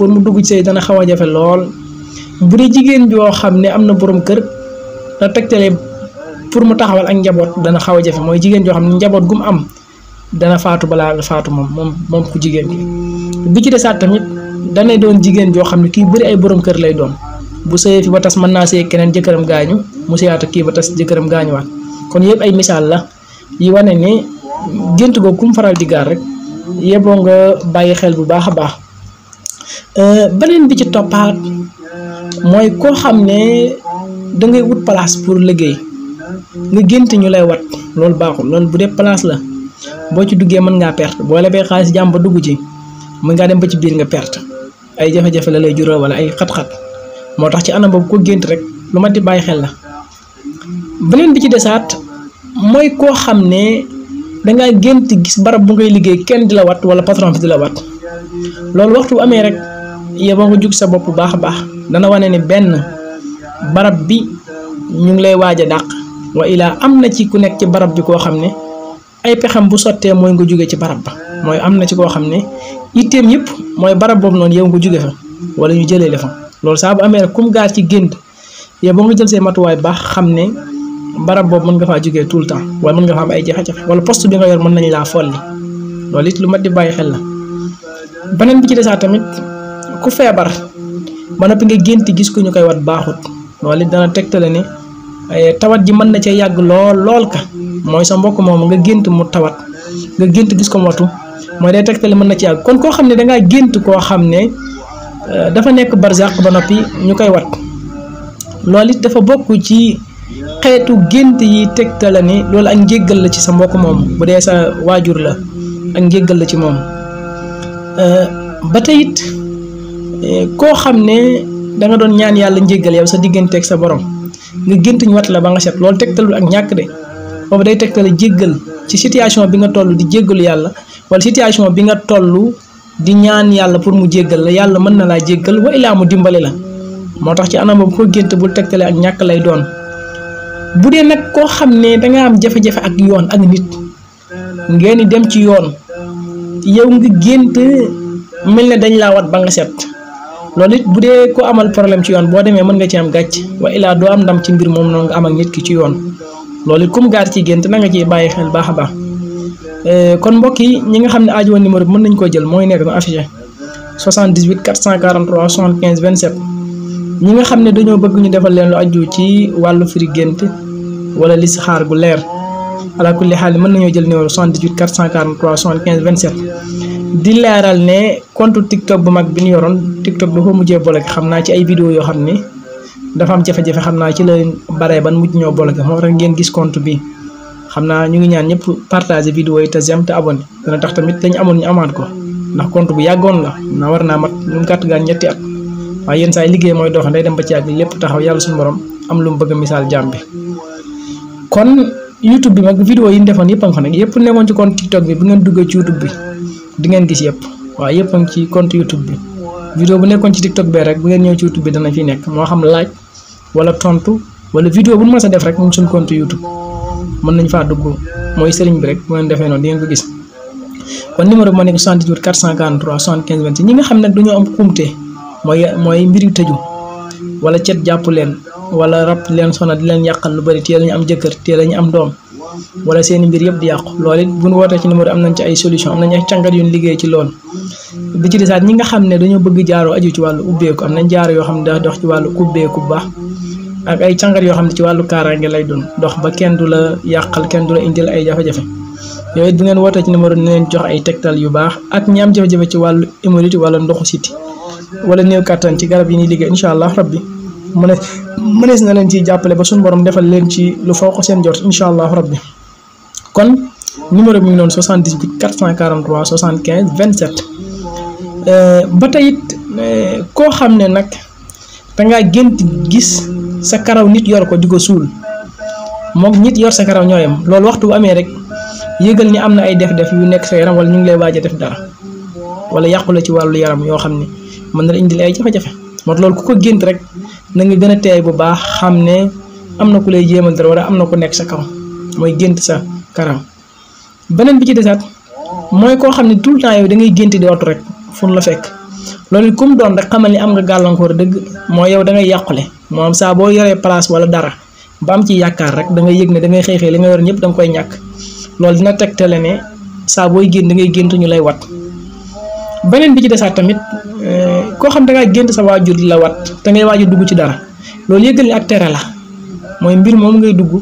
pour mu dugg ci sëy dana xawa a jafe lool bu dee jigéen joo xam ne am na borom kër la tegtale pour mu taxawal ak njaboot dana xawa a jafe mooy jigéen joo xam ne njaboot gum am dana faatu la faatu moom moom moom ku jigéen ki bi ci desaat tamit danay doon jigéen joo xam ne kii bëri ay borom kër lay doon bu sëyee fi ba tas mën naa sëy keneen jëkkëram gaañu mu sëyaat kii ba tas jëkkëram gaañuwaat kon yëpp ay misaal la yi wane ne gént googu kum faral di gaar rek yeboo nga bàyyi xel bu baax a baax Euh, beneen bi ci toppaat mooy koo xam ne dangay wut place pour liggéey nga gént ñu lay wat loolu baaxul loolu bu dee place la boo ci duggee mën ngaa perte boo lebee xaalis jàmm ba dugg ci mën ngaa dem ba ci biir nga perte ay jafe-jafe la lay jural wala ay xat-xat moo tax ci anam boobu ko gént rek lu ma di bàyyi xel la beneen bi ci desaat mooy koo xam ne dangaa gént gis barab bu ngay liggéey kenn di la wat wala patron bi di la wat loolu waxtu bu amee yow nga jug sa bopp bu baax a baax dana wane ne benn barab bi ñu ngi lay waaj a dàq wa ilaa am na ci ku nekk ci barab bi koo xam ne ay pexam bu sottee mooy nga jóge ci barab ba mooy am na ci koo xam ne itteem yëpp mooy barab boobu noonu yow nga jóge fa wala ñu jëlee la loolu saa bu amee rek kum gaar ci gént yow ba nga jël say matuwaay baax xam ne barab boobu mën nga faa jógee tout le temps wala mën nga fa am ay jafe jaxe wala poste bi nga yor mën nañ laa folli loolu it lu mat di bàyyi xel la beneen ku febar man noppi nga gént gis ko ñukay wat baxut dana tektale ni tawat ji man na ci yag lol lol ka moy sa mbokk mom nga gént mu tawat nga gént gis ko watu day tektale man na ci yag kon ko xam da nga gént ko xamne euh, dafa nek barzaq ba nopi ñukay wat loolu dafa bokku ci xetu gént yi tektale ni lol ak njéggal la ci sa mbokk mom bu dee sa wajur la ak la ci mom euh batayit Eh, koo xam ne da nga doon ñaan yàlla njéggal yow sa digganteeg sa borom nga gént ñu wat la ba nga set loolu tegtalul ak ñàkk de foofu day tegtale jéggal ci situation bi nga toll di jéggalu yàlla wala situation bi nga tollu di ñaan yàlla pour mu jéggal la yàlla mën na laa jéggal wa mu dimbali la moo tax ci anam boobu ko gént bul tegtale ak ñàkk lay doon bu dee nag koo xam ne danga am jafe-jafe ak yoon ak nit ngeen di dem ci yoon yow nga gént mel ne dañ laa wat ba nga set loolu it bu dee ko amal problème ci yoon boo demee mën nga ci am gàcc wa illaa doo am ndam ci mbir moom noonu nga am nit ki ci yoon loolu it kum gaar ci gént nanga nga bàyyi xel baax a baax euh, kon mbokk yi ñi nga xam ne aajo woon bi mën nañ koo jël mooy nekk nu affiché 78 443 nga xam ne dañoo bëgg ñu defal leen lu aju ci wàllu firi gént wala listixaar gu leer alaakulli xaal mën nañoo jël numéro 78 443 75 27. di leeral ne conte TikTok bu mag bi ñu yoroon TikTok dafa mujjee bloqué xam naa ci ay vidéo yoo xam ne dafa am jafe-jafe xam naa ci la baree ban mujj ñoo bloqué moo tax ngeen gis compte bi xam naa ñu ngi ñaan ñëpp partager vidéo yi te j'aime te abonné dana tax tamit lañ amoon ñu amaat ko ndax compte bu yàggoon la na war naa mat ñu gàtt gaan ñetti at waaye yenn saa yi liggéey mooy dox day dem ba ci yàgg lépp taxaw yàlla suñu borom am lu mu bëgg misaal jàmm bi kon YouTube bi mag vidéo yi ñu defoon yëpp a nekkoon ci compte TikTok bi bu ngeen duggee ci YouTube bi di ngeen gis yëpp waa yëpp a ci compte YouTube bi vidéo bu nekkoon ci TikTok bee rek bu ngeen ñëw ci YouTube bi dana fi nekk moo xam laaj wala tontu wala vidéo bu ñu mës a def rek ñun suñ compte YouTube mën nañ faa dugg mooy sëriñ bi rek bu ngeen defee noonu di ngeen ko gis kon numéro bi ma nekk 78 443 75 26 ñi nga xam nag dañoo am kumte mooy mooy mbir yu tëju wala cet jàpp leen wala rab leen sona di leen yàqal lu bëri teel a am jëkkër teel a ñu am doom. wala seen mbir yëpp di yàqu loolu it bu ñu wootee ci numéro am nañ ci ay solution am nañ ay càngat yu ñu liggéey ci loolu bi ci desaat ñi nga xam ne dañoo bëgg jaaroo aju ci wàllu ubbeeku am nañ jaaro yoo xam ne dafa dox ci wàllu ubbeeku bu baax ak ay càngat yoo xam ne ci wàllu kaaraange lay doon dox ba kenn du la yàqal kenn du la indil ay jafe-jafe yooyu bu ngeen wootee ci numéro dina leen jox ay tegtal yu baax ak ñi am jafe-jafe ci wàllu immunité wala ndoxu siti wala néew kàttan ci garab yi ñuy liggéey incha allah mu ne na len ci jappalé ba sun borom defal len ci lu foko sen jot inshallah rabbi kon numéro bi ngi non 78 443 75 27 euh ba tayit euh, ko xamné nak da nga gënt gis sa karaw nit yor ko digo sul mok nit yor sa karaw ñoyam lool waxtu amé rek yëgal ni amna ay def-def yu nekk sa yaram wala ñu ngi lay waja def dara wala yàqu la ci walu yaram yo xam man na la indil ay jafé jafe moo loolu ku ko gënt rek na nga gën a teey bu baax xam ne am na ku lay jéemal dara wala am na ku nekk sa kaw mooy gént sa karaw beneen bi ci desaat mooy koo xam ne tout le temps yow da ngay gént di watu rek fu la fekk loolu kum doon rek xamal ni am nga gàllankoor dëgg mooy yow da yàqule moom saa boo yoree place wala dara ba ci yaakaar rek da ngay yëg ne da ngay xëy xëy nga yor ñëpp da koy ñàkk loolu dina tegtale ne saa booy génn da ngay gént ñu lay wat beneen bi ci desaat tamit. Euh, ko xam da nga gént sa wajur la wat da ngay wajur dugg ci dara lolou yeggal ni ak tere la moy mbir mom ngay dugg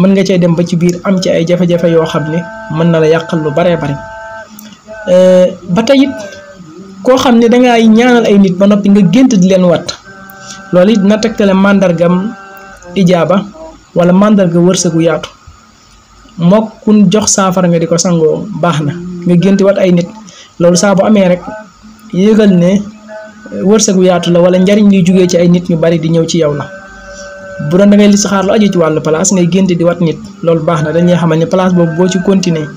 man nga cey dem ba ci bir am ci ay jafé jafé yo xam man na la yakal lu bare bari euh, ba tey it koo xam ne dangaay ñaanal ay nit ba nopi nga gént di len wat lolou it na ijaba wala mandarga wërsegu yaatu mok kun jox safar nga diko sango baxna nga génti wat ay nit lolou sa bu amé rek ne wërsëgu yaatu la wala njariñ liy jugee ci ay nit ñu bari di ñëw ci yow la bu doon da ngay listixaar lu aju ci wàllu place ngay gént di wat nit loolu baax na dañuy xamal ne place boobu boo ci continuer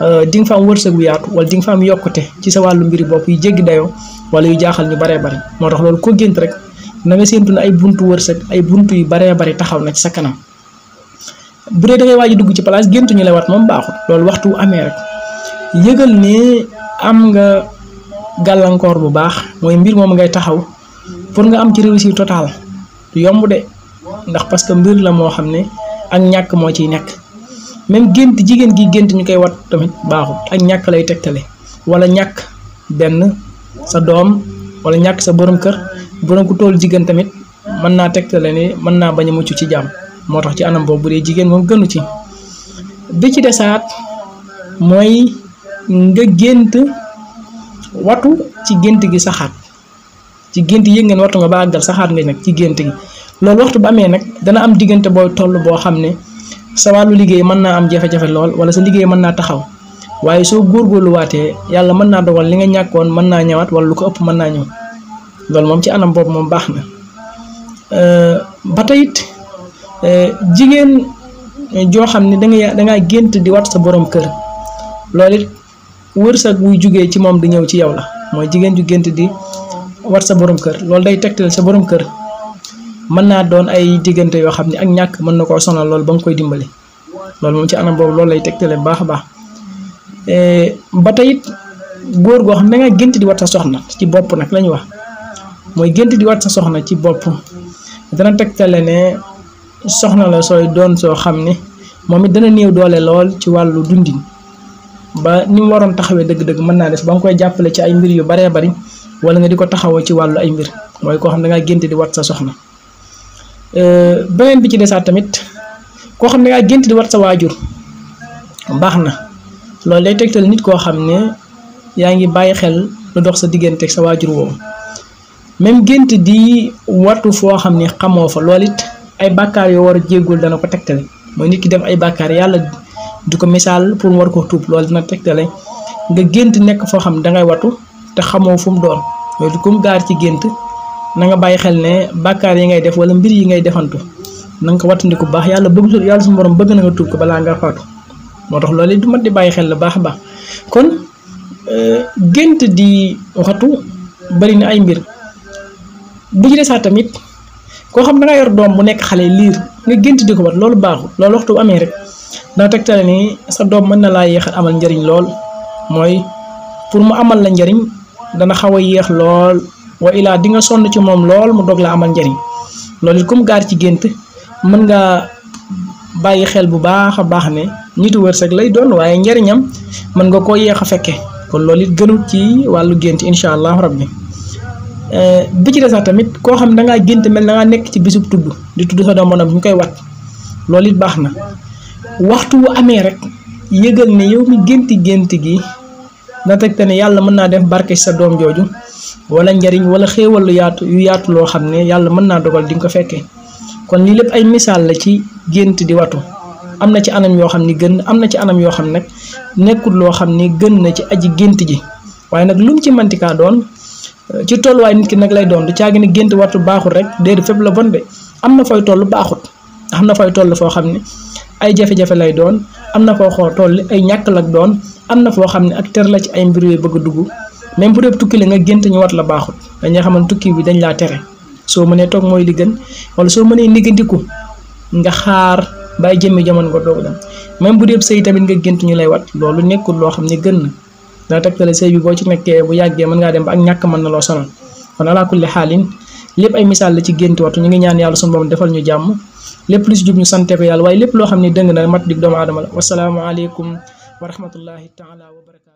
euh, di nga fa am wërsëgu yaatu wala di fa am yokkute ci sa wàllu mbiri bopp yu jéggi dayoo wala yu jaaxal ñu baree bari moo tax loolu ko gént rek na nga séentu ne ay buntu wërsëg ay buntu yu baree bari taxaw na ci sa kanam bu dee da ngay waaj dugg ci place géntu ñu lay wat moom baaxul loolu waxtu amee rek yëgal galang bu baax moy mbir mom ngay taxaw pour nga am ci réussite totale du yomb de ndax parce que mbir la mo xam ak ñak mo ci nekk même gënt jigen gi gënt ñu wat tamit baaxu ak ñak lay tegtale wala ñak ben sa dom wala ñak sa borom kër borom ku tol jigen tamit man na tegtale ni man na baña muccu ci jam motax ci anam bobu bu jigen mom gënu ci bi ci dessat moy nga gënt watu ci gént gi saxaat ci gént yëg ngeen wattu nga ba àggal saxaat nga nag ci gént gi loolu waxtu bu amee nag dana am diggante booy tollu boo xam ne sa wàllu liggéey mën naa am jafe-jafe lool wala sa liggéey mën naa taxaw waaye soo góorgóorluwaatee yàlla mën naa dogal li nga ñàkkoon mën naa ñëwaat wala lu ko ëpp mën naa ñëw loolu moom ci anam boobu moom baax na ba tey it jigéen joo xam ne da nga gént di wat sa boroom kër loolu it wërsak buy jugee ci mom di ñëw ci yow la moy jigen ju gént di war sa borom kër lool day tegtal sa borom kër man na doon ay digënté yo xamni ak ñak man nako sonal lool bang koy dimbali lool mom ci anam boobu lool lay tegtale baax baax euh ba tayit goor go goo xam nga gént di war sa soxna ci bop nak lañ wax moy gént di war sa soxna ci bop dana tegtale ne soxna la soy doon so xamni momi dana néew doole lool ci walu dundin ba ni mu waroon wede deug dëgg mën naa dess bang koy jappalé ci ay mbir yu bari bari wala nga diko ko ci walu ay mbir moy ko xam nga genti di wat sa soxna benen bi ci dessa tamit ko xam nga ngaa di wat sa wajur baxna lolé tektal nit ko xamné yaangi yaa xel lu dox sa digganteeg sa wajur wo même genti di watu fo xamné xamofa lolit fa ay bakkar yo wara a jéggul dana ko tektal moy nit ki def ay bakkar yalla di ko misaal pour mu war koo tuub loolu dina tegtale nga gént nekk foo xam dangay watu te xamoo fu mu doon loolu kum gaar ci gént na nga bàyyi xel ne bàkkaar yi ngay def wala mbir yi ngay defantu na nga ko wattandiku bu baax yàlla bëgg yàlla suñu borom bëgg na nga tuub ko balaa ngaa faatu moo tax loolu du mat di bàyyi xel la baax a baax kon euh, gént di waxatu bari na ay mbir bu ñu desaa tamit koo xam da nga yor doom bu nekk xale liir nga gént di ko wat loolu baaxul loolu waxtu amee rek. na tektal ni sa dom man na la yéex a amal njariñ lol moy pour mu amal la njariñ dana xawa a lol wa ila di nga son ci mom lol mu dog la amal njariñ lol kum gar ci gent man nga bayyi xel bu baakha bax ne nitu wërsek lay doon waye njariñam man nga ko yéex a fekke kon lol it gënul ci walu gent inshallah rabbi eh bi ci desaat tamit ko xam da nga gént mel na nga nekk ci bisub tuddu di tuddu sa doom ñu wat loolu it waxtu wu amee rek yëgal ne yow mi génti gént gi na teg te ne yàlla mën naa def barke sa doom jooju wala njariñ wala xéewal yaatu yu yaatu loo xam ne yàlla mën naa dogal di nga ko fekkee kon lii lépp ay misaal la ci gént di watu am na ci anam yoo xam ni gën am na ci anam yoo xam nag nekkul loo xam ne gën na ci aji gént ji waaye nag lu mu ci mantikaa doon ci tolluwaay nit ki nag lay doon du caagi ne gént watu baaxul rek déedéet fépp la bon bi am na fooy toll baaxut am na fooy toll foo xam ne ay jafe-jafe lay doon am na foo xoo toll ay ñàkk lak doon am na foo xam ne ak ter la ci ay mbir yooyu bëgg a dugg même bu dee tukki la nga gént ñu wat la baaxut dañuy xaman tukki bi dañ laa tere soo mënee toog mooy li gën wala soo mënee niggandiku nga xaar bàyyi jëmmi jamono nga dem même bu dee sëy tamit nga gént ñu lay wat loolu nekkul loo xam ne gën na dana tegtale sëy bi boo ci nekkee bu yàggee mën ngaa dem ba ak ñàkk mën na loo sonal kon alaakulli xaalin lépp ay misaal la ci gént watu ñu ngi ñaan yàlla suñu borom defal ñu jàmm lépp lu si jub ñu sante waaye lépp loo xam ne dëng na mat dig doomu aadama la wasalaamaaleykum wa rahmatullahi taala